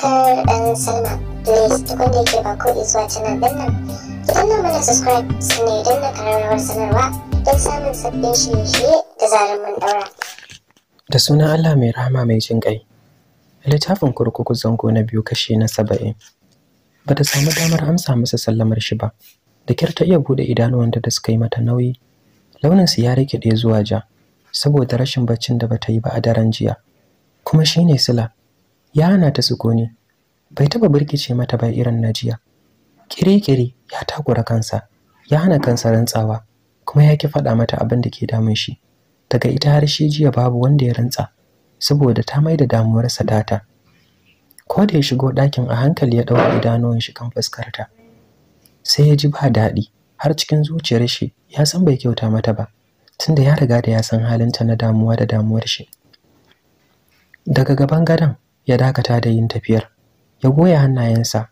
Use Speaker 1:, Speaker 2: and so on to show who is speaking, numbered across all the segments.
Speaker 1: subscribe and sign up. Please da suna ba ko subscribe sanarwa don samun sabbin da sunan Allah mai rahama mai jin ƙai. Littafin kurkuku zango na biyu kashi na saba'in. Ba ta samu damar amsa masa sallamar shi ba. Da kyar ta iya buɗe idanuwanta da suka yi mata nauyi. Launinsu ya rikide zuwa ja saboda rashin baccin da bata yi ba a daren jiya. Kuma shine sila ya hana ta sukuni bai taba birkice mata ba irin na jiya kirikiri ya takura kansa ya hana kansa rantsawa kuma ya ki faɗa mata abin da ke damun shi daga ita har shi jiya babu wanda ya rantsa saboda ta mai da damuwarsa data ko da ya shigo dakin a hankali ya ɗauka idanuwan shi kan fuskarta sai ya ji ba daɗi har cikin zuciyar shi ya san bai kyauta mata ba tunda ya riga da ya san halinta na damuwa da damuwar shi daga gaban gadon ya dakata da yin tafiyar ya goya hannayensa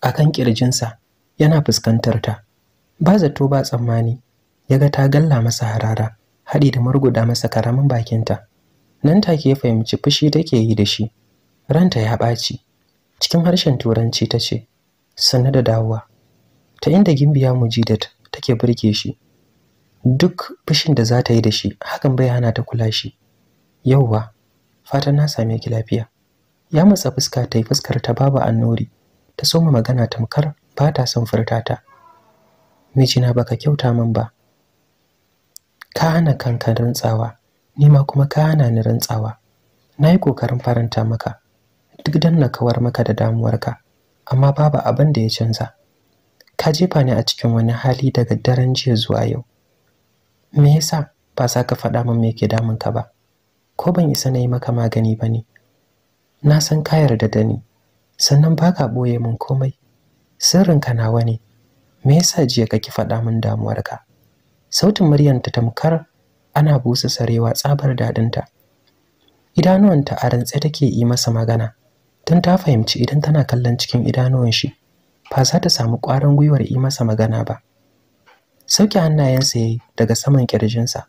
Speaker 1: a kan ƙirjinsa yana fuskantar ta ba zato ba tsammani ya ga ta galla masa harara haɗi da marguda masa karamin bakinta nan take ya fahimci fushi take yi da shi ranta ya ɓaci cikin harshen turanci ta ce sannu da dawowa ta inda gimbiya mujidat take burge shi duk fushin da za ta yi da shi hakan bai hana ta kula shi yauwa fatan na same ki lafiya ya matsa fuska ta yi fuskar ta babu annori ta soma magana tamkar ba ta son furta ta mijina baka kyauta min ba ka hana kanka rantsawa ni ma kuma ka hana ni rantsawa na yi kokarin faranta maka duk dan na kawar maka da damuwarka amma babu abin da ya canza ka jefa ni a cikin wani hali daga daren jiya zuwa yau me yasa ba sa ka faɗa min me ke damun ka ba ko ban isa na yi maka magani ba ne na san ka yarda da ni sannan baka boye min komai sirrinka nawa ne me yasa jiya ki faɗa min damuwarka sautin ta tamkar ana busa sarewa tsabar dadinta idanuwanta a rantse take yi masa magana tun ta fahimci idan tana kallon cikin idanuwan shi ba za ta samu ƙwarin gwiwar yi masa magana ba sauke hannayensa yayi daga saman kirjinsa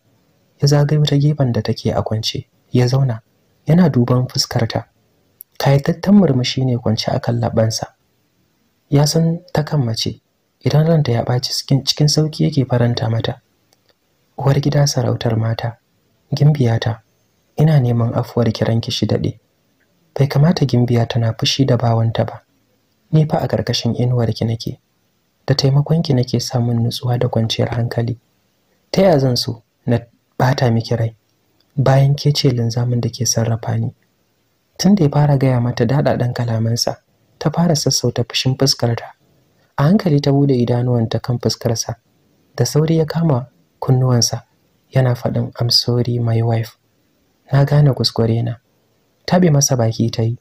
Speaker 1: ya zagaye ta gefen da take a kwance ya zauna yana duban fuskarta kayatattan murmushi ne kwance kan labansa ya san ta kan mace idan ranta ya ɓaci cikin sauki yake faranta mata uwar gida sarautar mata gimbiyata ina neman afuwar kiranki shi daɗe bai kamata gimbiya tana fushi da bawanta ba ni fa a ƙarƙashin inuwarki nake da taimakonki nake samun nutsuwa da kwanciyar hankali ta yaya zan so na bata miki rai bayan ke ce linzamin da ke sarrafa ni tun da ya fara gaya mata daɗaɗen kalamansa ta fara sassauta fushin fuskarta a hankali ta bude idanuwanta kan fuskarsa da sauri ya kama kunnuwansa yana faɗin I'm sorry my wife na gane kuskure na bi masa baki ta yi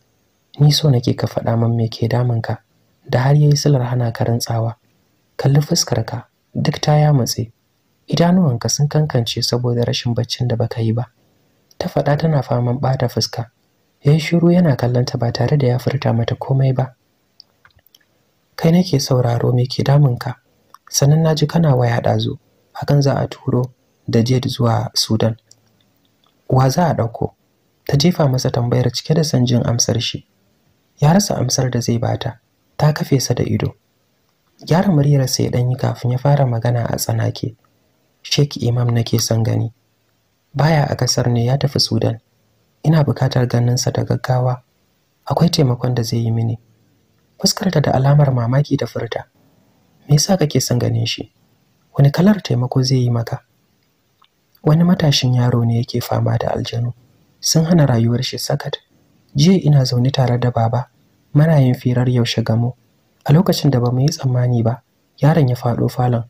Speaker 1: ni so nake ka faɗa min me ke ka, da har yayi silar hana ka rantsawa kalli fuskar ka. duk ta mutse. idanuwanka sun kankance saboda rashin baccin da baka yi ba ta faɗa tana faman ɓata fuska yayi shiru yana kallonta ba tare da ya furta mata komai ba kai nake sauraro me ke damunka sannan naji kana waya ɗazu hakan za a turo da jed zuwa sudan wa za a ɗauko ta jefa masa tambayar cike da son jin amsar shi ya rasa amsar da zai bata ta kafe sa da ido gyara muryar ya ya yi kafin ya fara magana a tsanake Sheikh Imam nake son gani baya a kasar ne ya tafi Sudan ina bukatar ganin sa da gaggawa akwai taimakon da zai yi mini fuskarta da alamar mamaki da furta me yasa kake son ganin shi wani kalar taimako zai yi maka wani matashin yaro ne yake fama da aljanu sun hana rayuwar shi sakat jiya ina zaune tare da baba muna yin firar yaushe gamo a lokacin da ba mu yi tsammani ba yaron ya faɗo falon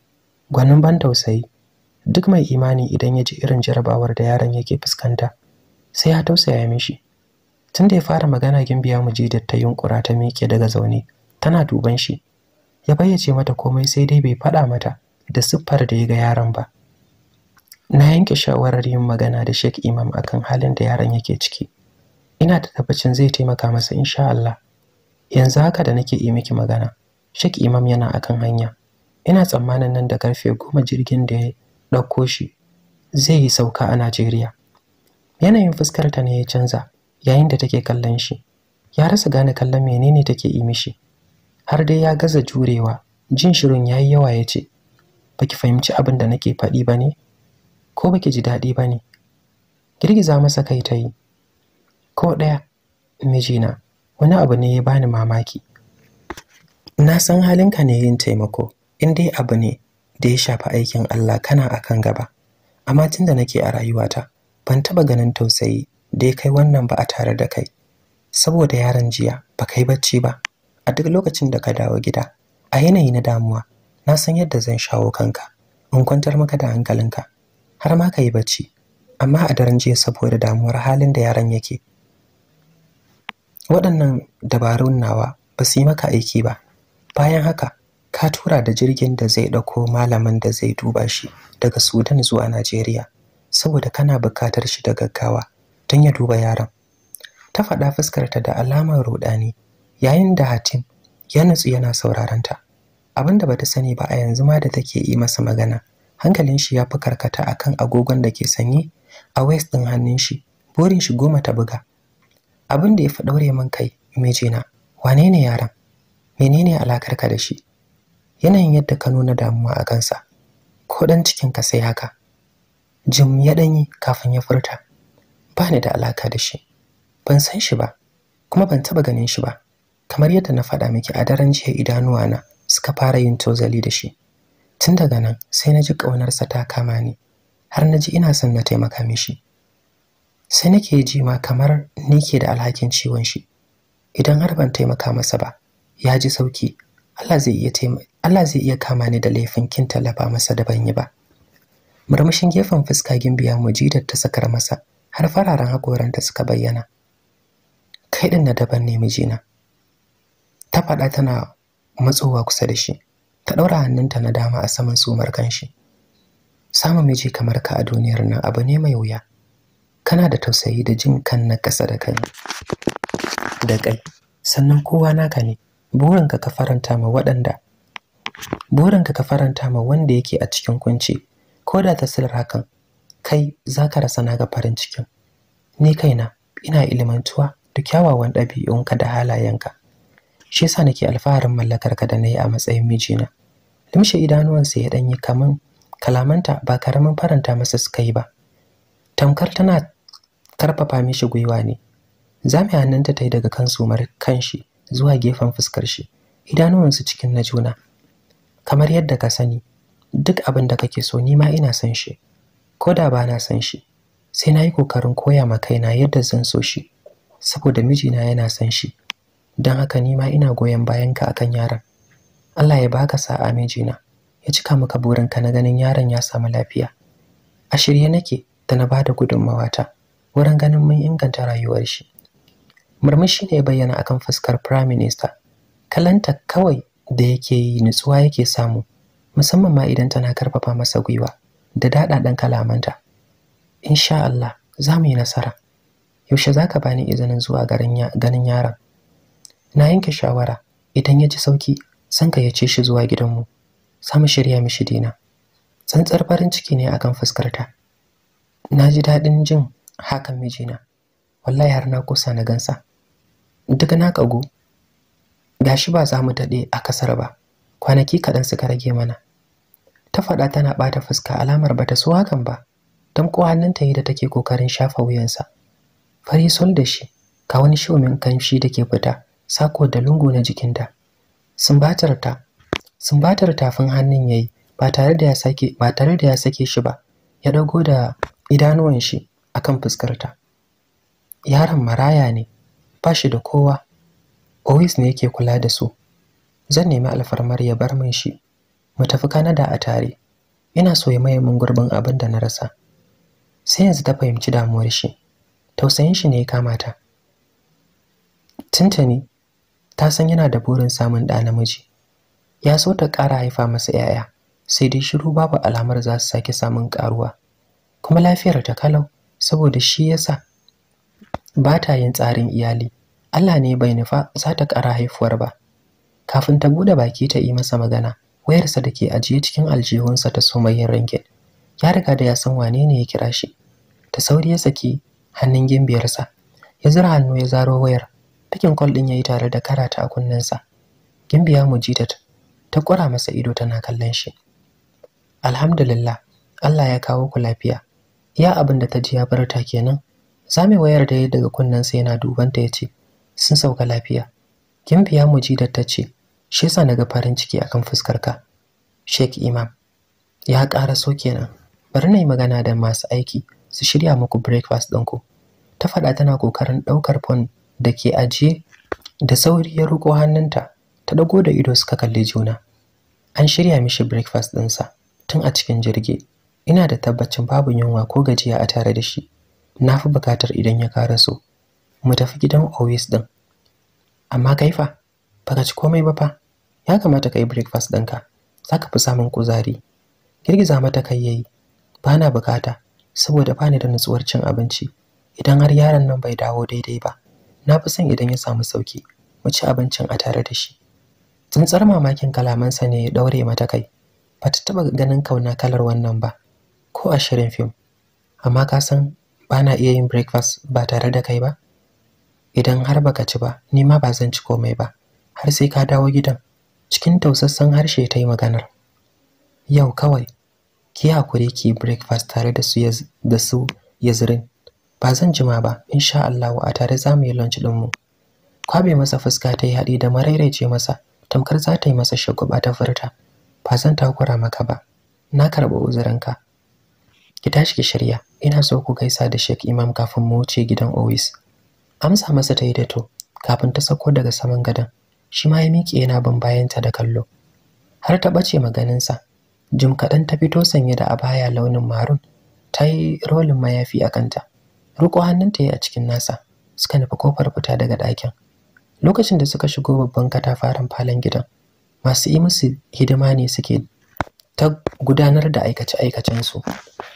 Speaker 1: gwanin ban tausayi duk mai imani idan ya ji irin jarabawar da yaron yake fuskanta sai ya tausaya mishi tun da ya fara magana gimbiya da ta yunkura ta miƙe daga zaune tana duban shi ya bayyace mata komai sai dai bai faɗa mata da siffar da ya ga yaron ba na yanke shawarar yin magana da Sheikh Imam akan halin da yaron yake ciki ina da tabbacin zai taimaka masa insha Allah yanzu haka da nake yi miki magana Sheikh Imam yana akan hanya ina tsammanin nan da karfe goma jirgin da ya ɗauko shi zai yi sauka a Najeriya Yanayin fuskarta ne ya canza yayin da take kallon shi. Ya rasa gane kallon menene take yi mishi. Har dai ya gaza jurewa, jin shirin yayi yawa ya ce, Baki fahimci abin da nake faɗi ba ne? Ko baki ji daɗi ba ne? Girgiza masa kai ta yi. Ko ɗaya, mijina, wani abu ne ya bani mamaki. Na san halinka ne yin taimako, in dai abu ne da ya shafi aikin Allah kana akan gaba. Amma tun tunda nake a rayuwata, ban taɓa ganin tausayi da ya kai wannan ba a tare da kai saboda yaron jiya ba kai bacci ba a duk lokacin da ka dawo gida a yanayi na damuwa na san yadda zan shawo kanka in kwantar maka da hankalinka har ma ka yi bacci amma a daren jiya saboda damuwar halin da yaron yake waɗannan dabarun nawa ba su yi maka aiki ba bayan haka ka tura da jirgin da zai ɗauko malamin da zai duba shi daga sudan zuwa najeriya saboda kana buƙatar shi da gaggawa tun ya duba yaron ta faɗa fuskarta da alamar rudani yayin da Hatim ya nutsu yana sauraron ta abinda bata sani ba a yanzu ma da take yi masa magana hankalin shi ya fi karkata akan agogon da ke sanyi a waist din hannun shi burin shi goma ta buga abin da ya fi daure min kai mijina wane ne yaron menene alakar ka da shi yanayin yadda ka nuna damuwa a kansa ko dan cikin ka sai haka jim ya danyi kafin ya furta ba ni da alaka da shi ban san shi ba kuma ban taɓa ganin shi ba kamar yadda na faɗa miki a daren jiya idanuwa na suka fara yin tozali da shi tun daga nan sai na ji ƙaunarsa ta kama ni har na ji ina son na taimaka mishi sai nake ji ma kamar ni ke da alhakin ciwon shi idan har ban taimaka masa ba ya ji sauki Allah zai iya kama ni da laifin kin tallafa masa da ban yi ba murmushin gefen fuska gimbiya mujidar ta sakar masa har fararen hakoranta suka bayyana kai din na daban ne mijina ta faɗa tana matsowa kusa da shi ta ɗaura hannunta na dama a saman sumar kanshi samun miji kamar ka a duniyar nan abu ne mai wuya kana da tausayi da jin kan na ƙasa da kai da kai sannan kowa naka ne burinka ka faranta ma waɗanda burinka ka faranta ma wanda yake a cikin kunci ko da ta silar hakan kai za ka rasa naga farin cikin ni kaina ina ilimantuwa da kyawawan ɗabi'unka da halayenka shi yasa nake alfaharin mallakarka da na yi a matsayin mijina limshe idanuwansa ya ɗanyi kaman kalamanta ba karamin faranta masa suka yi ba tamkar tana karfafa mishi gwiwa ne zame hannunta ta yi daga kan sumar kanshi zuwa gefen fuskar shi idanuwansu cikin na juna kamar yadda ka sani duk abin da kake so ni ma ina san shi ko da ba na son shi sai na yi kokarin koya ma kaina yadda zan so shi saboda mijina yana san shi don haka ni ma ina goyon bayan ka akan yaron Allah ya baka sa'a mijina ya cika maka burinka na ganin yaron ya samu lafiya a shirye nake da na bada gudunmawata wurin ganin mun inganta rayuwar shi murmushi ne ya bayyana akan fuskar prime minister kalanta kawai da yake yi nutsuwa yake samu musamman ma idan tana karfafa masa gwiwa da daɗaɗan kalamanta insha Allah za mu yi nasara yaushe za ka bani izinin zuwa ganin yaron na yanke shawara idan ya ji sauki san ka ya ce shi zuwa gidanmu za mu shirya mishi dina tsantsar farin ciki ne akan fuskarta na ji daɗin jin hakan mijina wallahi har na kusa na gansa duk na kago gashi ba za mu daɗe a kasar ba kwanaki kaɗan suka rage mana ta faɗa tana bata fuska alamar bata so hakan ba ko hannunta yi da take kokarin shafa wuyansa fari sol da shi ga wani shomin kanshi da ke fita sako da lungu na jikinta sumbatar ta sumbatar tafin hannun yayi ba tare da ya sake ba tare da ya sake shi ba ya dago da idanuwan shi akan fuskarta yaron maraya ne ba shi da kowa always ne yake kula da su zan nemi alfarmar ya bar min shi mu tafi Kanada a tare ina so ya maye min gurbin abin da na rasa sai yanzu ta fahimci damuwar shi tausayin shi ne ya kamata Tintani ta san yana da burin samun ɗa namiji ya so ta ƙara haifa masa 'ya'ya sai dai shiru babu alamar za su sake samun ƙaruwa kuma lafiyar ta kalau saboda shi yasa ba ta yin tsarin iyali Allah ne bai nufa za ta ƙara haifuwar ba kafin ta bude baki ta yi masa magana wayarsa da ke ajiye cikin aljihunsa ta somayyar rangin. ya riga da ya san wane ne ya kira shi ta sauri ya saki hannun gimbiyarsa ya zura hannu ya zaro wayar takin kwal ɗin ya yi tare da karata a kunnensa gimbiya mujidat ta kura masa ido tana kallon shi alhamdulillah allah ya kawo ku lafiya iya abin da ta ji ya bar ta kenan zame wayar da ya daga kunnensa yana dubanta ya ce sun sauka lafiya gimbiya mujidat ta ce shi yasa naga farin ciki akan ka. Sheikh Imam ya ƙara so kenan bari na yi magana da masu aiki su shirya muku breakfast ɗinku ta faɗa tana kokarin ɗaukar fon da ke ajiye da sauri ya ruko hannunta ta ɗago da ido suka kalli juna an shirya mishi breakfast ɗinsa tun a cikin jirgi ina da tabbacin babu yunwa ko gajiya a tare da shi na fi bukatar idan ya karaso mu tafi gidan always ɗin. amma kaifa baka ci komai ba fa ya kamata ka yi breakfast ɗinka za ka fi samun kuzari girgiza mata kai yayi ba na bukata saboda ba ni da nutsuwar cin abinci idan har yaron nan bai dawo daidai ba na fi son idan ya samu sauki mu ci abincin a tare da shi tsintsar mamakin kalamansa ne ya daure mata kai ba ta taba ganin kauna kalar wannan ba ko a shirin fim amma ka san ba na iya yin breakfast ba tare da kai ba idan har baka ci ba ni ma ba zan ci komai ba har sai ka dawo gidan cikin tausassan harshe ta yi maganar yau kawai ki hakuri ki breakfast tare da su da su yazirin ba zan jima ba insha Allah a tare za mu yi lunch din mu kwabe masa fuska ta yi haɗi da marairaice masa tamkar za ta yi masa shagwaba ta furta ba zan takura maka ba na karɓi uzurinka ki tashi ki shirya ina so ku gaisa da shek Imam kafin mu wuce gidan Owis amsa masa ta yi da to kafin ta sako daga saman gadon shi ma ya miƙe yana bin bayanta da kallo har ta ɓace maganinsa jim kaɗan ta fito sanye da abaya launin marun ta yi rolin mayafi a kanta riƙo hannunta ya a cikin nasa suka nufi kofar fita daga ɗakin lokacin da suka shigo babban katafaren falon gidan masu yi musu hidima ne suke ta gudanar da aikace-aikacensu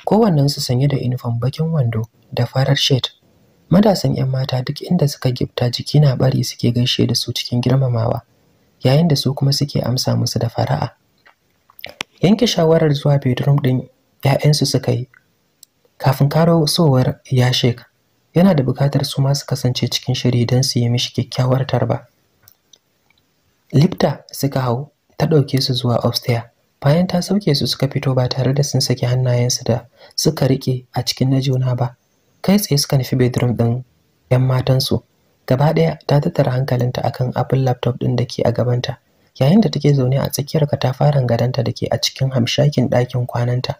Speaker 1: kowannensu sanye da inifom bakin wando da farar shet matasan 'yan mata duk inda suka gifta jiki na bari suke gaishe da su cikin girmamawa yayin da su kuma suke amsa musu da fara'a yanke shawarar zuwa bedroom din 'ya'yansu suka yi kafin karo sowar ya shek yana da buƙatar su ma su kasance cikin shiri don su yi mishi kyakkyawar tarba lifta suka hau ta ɗauke su zuwa upstairs bayan ta sauke su suka fito ba tare da sun saki hannayensu da suka riƙe a cikin na juna ba kai tsaye suka nufi bedroom ɗin 'yan matansu gaba ɗaya ta tattara hankalinta akan abin laptop ɗin da ke a gabanta yayin da take zaune a tsakiyar katafaren gadonta da ke a cikin hamshakin ɗakin kwananta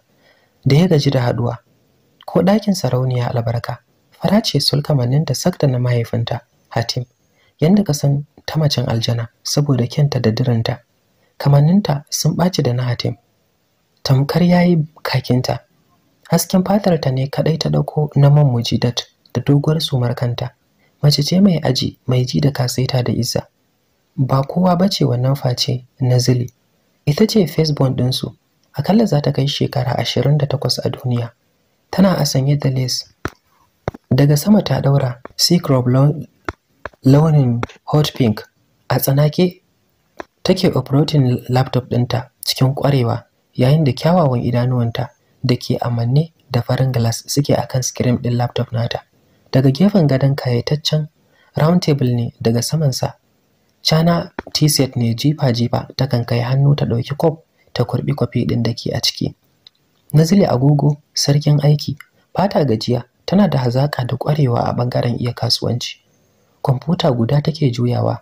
Speaker 1: da ya gaji da haɗuwa ko ɗakin sarauniya albarka fara ce sulkamannin da sakta na mahaifinta hatim yadda ka san ta macen aljana saboda kyanta da dirinta kamanninta sun ɓaci da na hatim tamkar ya yi kakinta hasken fatar ta ne kadai ta dauko na mammuji dat da doguwar sumar kanta mace ce mai aji mai ji da kasaita da izza ba kowa bace wannan face na zili ita ce firstborn ɗinsu akalla za ta kai shekara 28 a duniya tana a sanye da lace daga sama ta daura sea crop launin hot pink a tsanake take operating laptop ɗinta cikin kwarewa yayin da kyawawan idanuwanta da ke amanne da farin glass suke a kan screen ɗin laptop nata daga gefen gadon kayataccen round table ne daga saman sa. Chana T-set ne jifa-jifa takan kai hannu ta ɗauki kwaf ta kurɓi kwafi ɗin da ke a ciki. Nazili agogo sarkin aiki fata gajiya tana da hazaƙa da ƙwarewa a ɓangaren iya kasuwanci. Kwamfuta guda take juyawa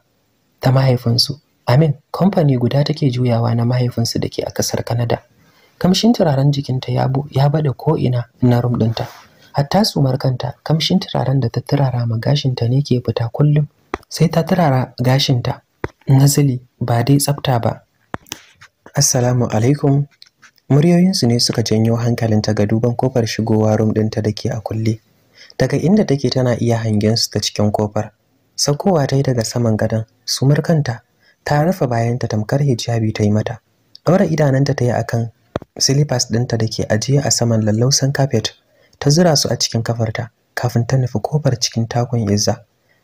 Speaker 1: ta mahaifinsu, amin kamfani guda take juyawa na mahaifinsu da ke a ƙasar Kanada. kamshin turaren jikinta ya bada ko'ina na rum hatta sumarkanta markanta kamshin turaren da ta turara ma gashinta ne ke fita kullum sai ta turara gashinta nazili ba dai tsafta ba assalamu alaikum muryoyinsu ne suka janyo hankalinta ga duban kofar shigowa rum da ke a kulle daga inda take tana iya hangen su ta cikin kofar saukowa ta yi daga saman gadon Sumarkanta, ta rufe bayanta tamkar hijabi ta yi mata ɗaura idananta ta yi akan silifas ɗinta da ke ajiye a saman lallausan kafet ta zura su a cikin kafarta kafin ta nufi kofar cikin takun izza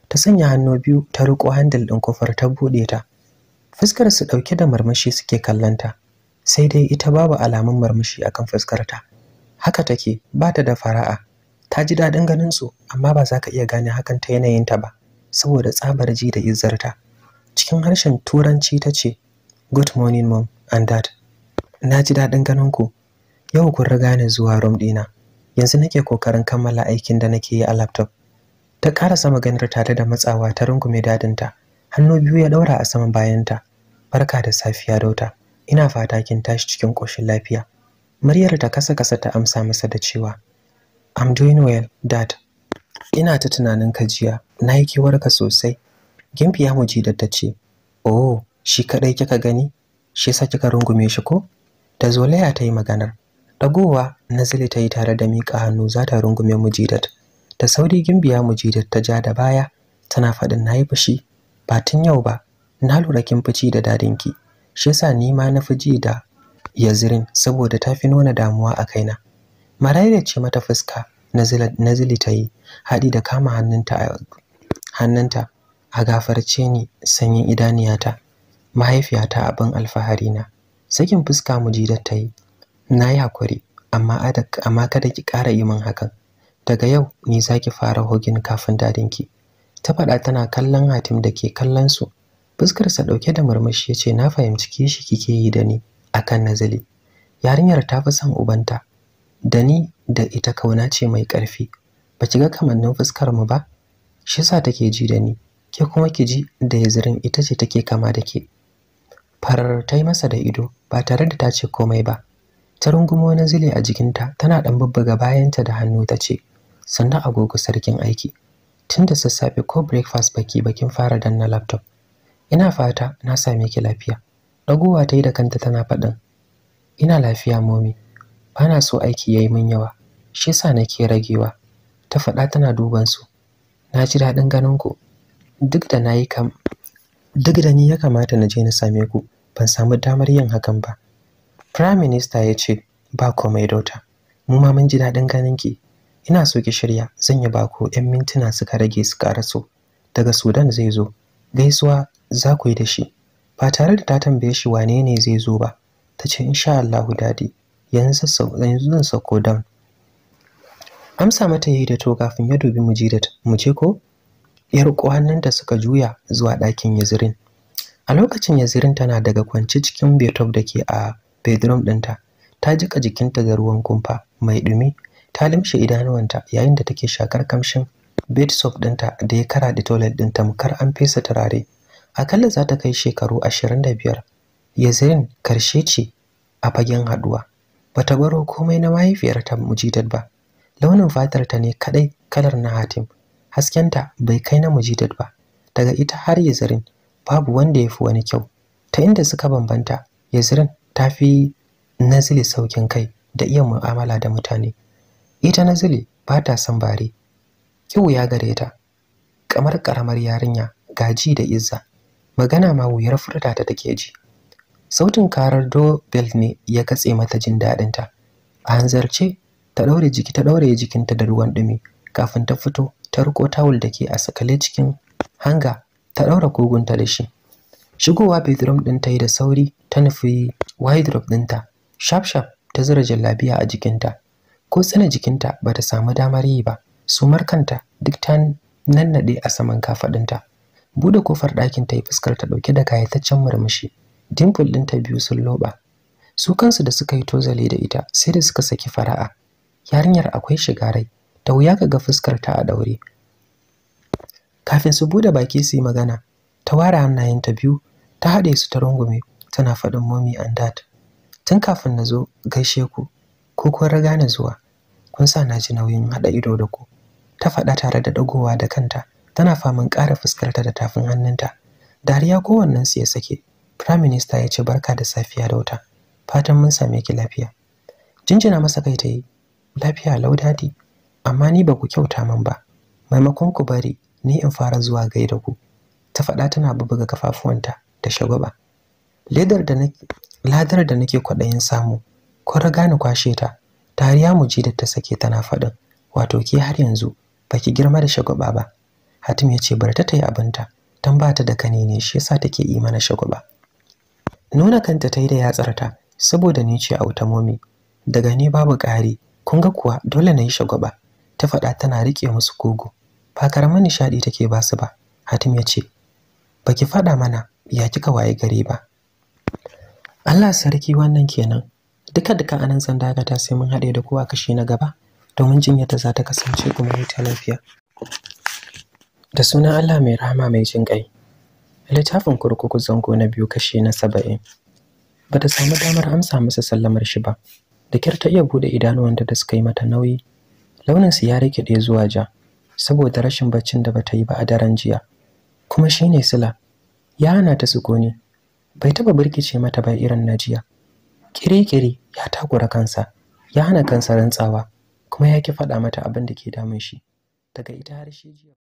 Speaker 1: ta sanya hannu biyu ta riko handil ɗin kofar ta buɗe ta fuskar su ɗauke da marmashi suke kallanta sai dai ita babu alamun marmashi akan fuskarta haka take ba ta da fara'a ta ji daɗin ganin su amma ba za ka iya gane hakan ta yanayin ta ba saboda tsabar ji da izzarta cikin harshen turanci ta ce good morning mom and dad na ji daɗin ganin ku yau kun riga ni zuwa room ɗina yanzu nake kokarin kammala aikin da nake yi a laptop ta karasa maganar tare da matsawa ta rungume dadinta hannu biyu ya ɗaura a saman bayanta barka da safiya dauta ina fata kin tashi cikin ƙoshin lafiya muryar ta kasa kasa ta amsa masa da cewa i'm doing well dad ina ta tunanin ka jiya na yi ka sosai gimfi ya ji da ta ce oh shi kadai kika gani shi yasa kika rungume shi ko da zolaya ta yi maganar ɗagowa nazili ta yi tare da miƙa hannu za ta rungume mujidat da sauri gimbiya mujidat ta ja da baya tana faɗin na yi fushi ba tun yau ba na lura kin fici da dadinki shi yasa ni ma na ji da yazirin saboda ta fi nuna damuwa a kaina maraira ce mata fuska nazili ta yi haɗi da kama hannunta a gafarce ni sanyin idaniyata mahaifiyata abin alfahari na sakin fuska mu ta yi na yi hakuri amma amma kada ki ƙara yi min hakan daga yau ni za ki fara hogin kafin dadin ki? ta faɗa tana kallon hatim da ke kallon su fuskarsa ɗauke da murmushi yace na fahimci kishi kike yi da ni akan nazali yarinyar ta fi son ubanta da ni da ita kauna ce mai ƙarfi ba ki ga kamannin fuskar mu ba shi sa take ji da ni ke kuma ki ji da yazirin ita ce take kama da ke farar ta yi masa da ido ba tare da ta ce komai ba ta rungumo na zile a jikinta tana dan bubbuga bayanta da hannu ta ce sannan agogo sarkin aiki tun da sassafe ko breakfast baki bakin fara dan na laptop ina fata na same ki lafiya dagowa ta yi da kanta tana faɗin ina lafiya momi bana so aiki yayi min yawa shi yasa nake ragewa ta faɗa tana duban su na ji daɗin ganin ku duk da nayi kam duk da ni ya kamata na je na same ku ban samu damar yin hakan ba prime minister ya ce ba komai dauta mu ma mun ji daɗin ganin ki ina so ki shirya zan yi bako yan mintuna suka rage su karaso daga sudan zai zo gaisuwa za ku yi da shi ba tare da ta tambaye shi wane ne zai zo ba ta ce insha Allahu dadi yanzu zan sauko down amsa mata yi da to kafin ya dubi mujidat mu ce ko yar kwanan da suka juya zuwa ɗakin yazirin a lokacin yazirin tana daga kwance cikin betop da ke a bedroom ɗinta ta jika jikinta da ruwan kumfa mai ɗumi ta limshe idanuwanta yayin da take shakar kamshin bed soap ɗinta da ya kara da toilet ɗinta tamkar an fesa turare akalla za ta kai shekaru ashirin da biyar yazirin karshe ce a fagen haɗuwa ta baro komai na mahaifiyarta mujidat ba launin fatar ta ne kadai kalar na hatim haskenta bai kai na mujidat ba daga ita har yazirin babu wanda ya fi wani kyau ta inda suka bambanta yazirin ta fi nazili saukin kai da iya mu'amala da mutane ita nazili ba ta son bare kiwu ya gare ta kamar karamar yarinya gaji da izza magana ma wuyar furta ta take ji sautin karar dobel ne ya katse mata jin daɗinta a hanzarce ta ɗaure jiki ta ɗaure jikinta da ruwan ɗumi kafin ta fito ta riko tawul da ke a sakale cikin hanga ta ɗaura kogunta da shi shigowa bedroom ɗin ta yi da sauri ta nufi wardrobe ɗinta shafshaf ta zura jallabiya a jikinta ko tsina jikinta ba ta samu damar yi ba Su Markanta duk ta nannade a saman kafaɗinta Bude kofar ɗakin ta yi fuskar ta ɗauke da kayataccen murmushi dimple ɗinta biyu sun loɓa su kansu da suka yi tozale da ita sai da suka saki fara'a yarinyar akwai shiga rai da wuya ka ga fuskar ta a daure kafin su bude baki su yi magana ta ware hannayenta biyu ta haɗe su ta rungume tana faɗin momi and dad tun kafin na zo gaishe ku ko kun raga na zuwa kun sa na ji nauyin haɗa ido da ku ta faɗa tare da dagowa da kanta tana faman ƙara fuskarta da tafin hannunta dariya kowannensu ya sake prime minister ya ce barka da safiya da wuta fatan mun same ki lafiya jinjina masa kai ta yi lafiya lau amma ni ba ku kyauta min ba maimakon ku bari ni in fara zuwa gaida ku ta faɗa tana bubuga kafafuwanta da shagwaba ledar da nake ladar da nake kwaɗayin samu ko riga ni kwashe ta tariya mu ji da ta sake tana faɗin wato ke har yanzu baki girma da shagwaba ba hatim ya ce bar ta tayi abinta dan ba ta da kane ne shi yasa take yi mana shagwaba nuna kanta ta yi da yatsarta saboda ni ce automomi daga ni babu ƙari kun ga kuwa dole na yi shagwaba ta faɗa tana riƙe musu kogo ba karamin nishaɗi take ba su ba hatim ya ce baki faɗa mana ya kika waye gari ba Allah sarki wannan kenan duka duka anan sanda dagata sai mun haɗe da kowa kashi na gaba domin jin yadda za ta kasance kuma ta lafiya da sunan Allah mai rahama mai jin ƙai littafin kurkuku zango na biyu kashi na saba'in ba ta samu damar amsa masa sallamar shi ba da kyar ta iya buɗe idanuwanta da suka yi mata nauyi launinsu ya rikide zuwa ja saboda rashin baccin da bata yi ba a daren jiya kuma shine sila ya hana ta sukuni bai taba birkice mata ba irin na jiya kirikiri ya takura kansa ya hana kansa rantsawa kuma ya ki faɗa mata abin da ke damun shi daga ita har shi jiya